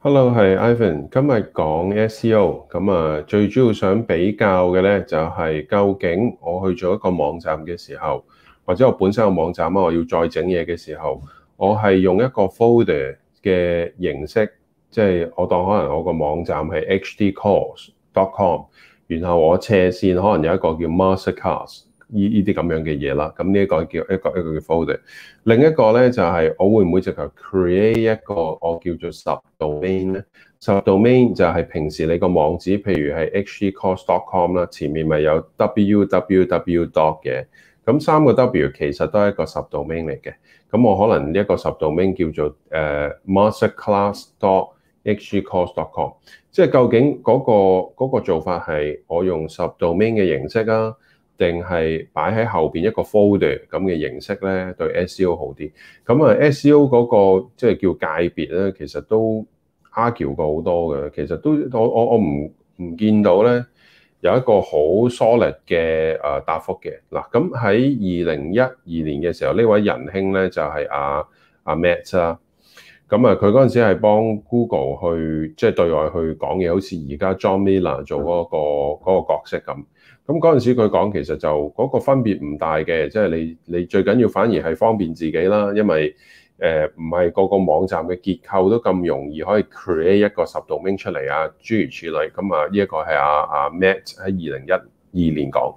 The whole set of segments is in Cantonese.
Hello，係 Ivan，今日講 SEO，咁啊最主要想比較嘅咧就係究竟我去做一個網站嘅時候，或者我本身個網站啊，我要再整嘢嘅時候，我係用一個 folder 嘅形式，即係我當可能我個網站係 hdcourse.com，然後我斜線可能有一個叫 master cars 呢依啲咁樣嘅嘢啦，咁呢一個叫一個一個叫 folder，另一個咧就係、是、我會唔會直頭 create 一個我叫做 subdomain 咧，subdomain 就係平時你個網址，譬如係 hgcourses.com 啦，前面咪有 www 嘅，咁三個 w 其實都係一個 subdomain 嚟嘅，咁我可能呢一個 subdomain 叫做誒 masterclass.hgcourses.com，即係究竟嗰、那個那個做法係我用 subdomain 嘅形式啊？定係擺喺後邊一個 folder 咁嘅形式咧，對 SEO 好啲。咁啊，SEO 嗰、那個即係、就是、叫界別咧，其實都 argue 過好多嘅。其實都我我我唔唔見到咧有一個好 solid 嘅誒答覆嘅。嗱，咁喺二零一二年嘅時候，位呢位仁兄咧就係阿阿 Matt 啊。啊 Matt 咁啊，佢嗰陣時係幫 Google 去即係、就是、對外去講嘢，好似而家 John Mueller 做嗰、那個嗯、個角色咁。咁嗰陣時佢講其實就嗰個分別唔大嘅，即、就、係、是、你你最緊要反而係方便自己啦，因為誒唔係個個網站嘅結構都咁容易可以 create 一個十度 link 出嚟啊，諸如此類。咁啊，呢一個係阿阿 Matt 喺二零一二年講。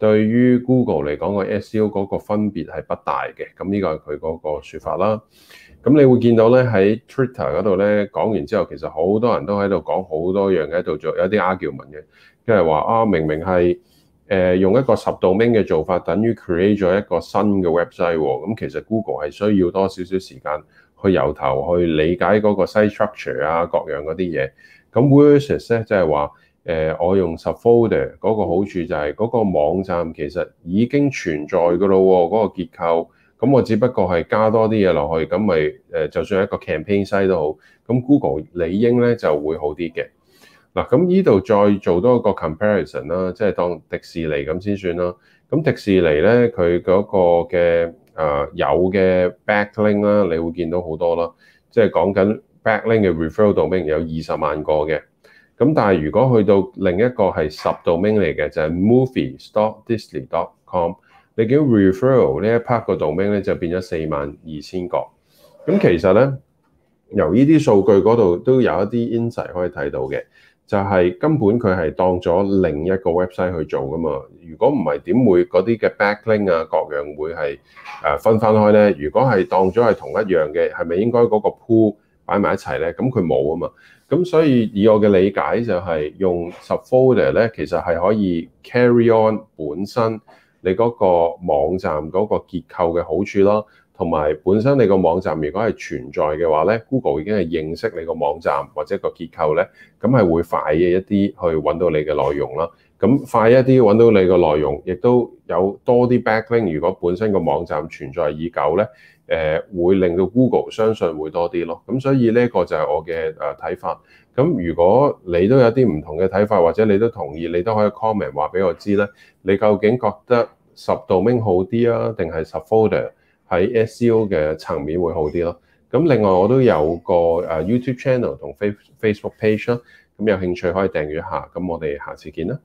對於 Google 嚟講個 SEO 嗰個分別係不大嘅，咁呢個係佢嗰個説法啦。咁你會見到咧喺 Twitter 嗰度咧講完之後，其實好多人都喺度講好多樣嘅，喺度做有啲 argument 嘅，即係話啊，明明係誒、呃、用一個 subdomain 嘅做法，等於 create 咗一個新嘅 website 喎。咁、啊、其實 Google 係需要多少少時間去由頭去理解嗰個 site structure 啊，各樣嗰啲嘢。咁 versus 咧即係話，就是誒我用 subfolder 嗰個好處就係嗰個網站其實已經存在㗎咯喎，嗰個結構咁我只不過係加多啲嘢落去，咁咪誒就算係一個 campaign size 都好，咁 Google 理應咧就會好啲嘅。嗱咁呢度再做多一個 comparison 啦，即係當迪士尼咁先算啦。咁迪士尼咧佢嗰個嘅誒、呃、有嘅 backlink 啦，你會見到好多啦，即係講緊 backlink 嘅 referral domain 有二十萬個嘅。咁但係如果去到另一個係十度名嚟嘅就係、是、movie.disney.com，s t o 你見 referral 呢一 part 個度名咧就變咗四萬二千個。咁、嗯、其實咧由呢啲數據嗰度都有一啲 insight 可以睇到嘅，就係、是、根本佢係當咗另一個 website 去做噶嘛。如果唔係點會嗰啲嘅 backlink 啊各樣會係誒分翻開咧？如果係當咗係同一樣嘅，係咪應該嗰個 pool？擺埋一齊咧，咁佢冇啊嘛，咁所以以我嘅理解就係、是、用 subfolder 咧，其實係可以 carry on 本身你嗰個網站嗰個結構嘅好處咯，同埋本身你個網站如果係存在嘅話咧，Google 已經係認識你個網站或者個結構咧，咁係會快嘅一啲去揾到你嘅內容咯。咁快一啲揾到你個內容，亦都有多啲 backlink。如果本身個網站存在已久咧，誒會令到 Google 相信會多啲咯，咁所以呢一個就係我嘅誒睇法。咁如果你都有啲唔同嘅睇法，或者你都同意，你都可以 comment 話俾我知咧。你究竟覺得十 domain 好啲啊，定係十 folder 喺 SEO 嘅層面會好啲咯？咁另外我都有個誒 YouTube channel 同 Face Facebook page 啦，咁有興趣可以訂閱一下。咁我哋下次見啦。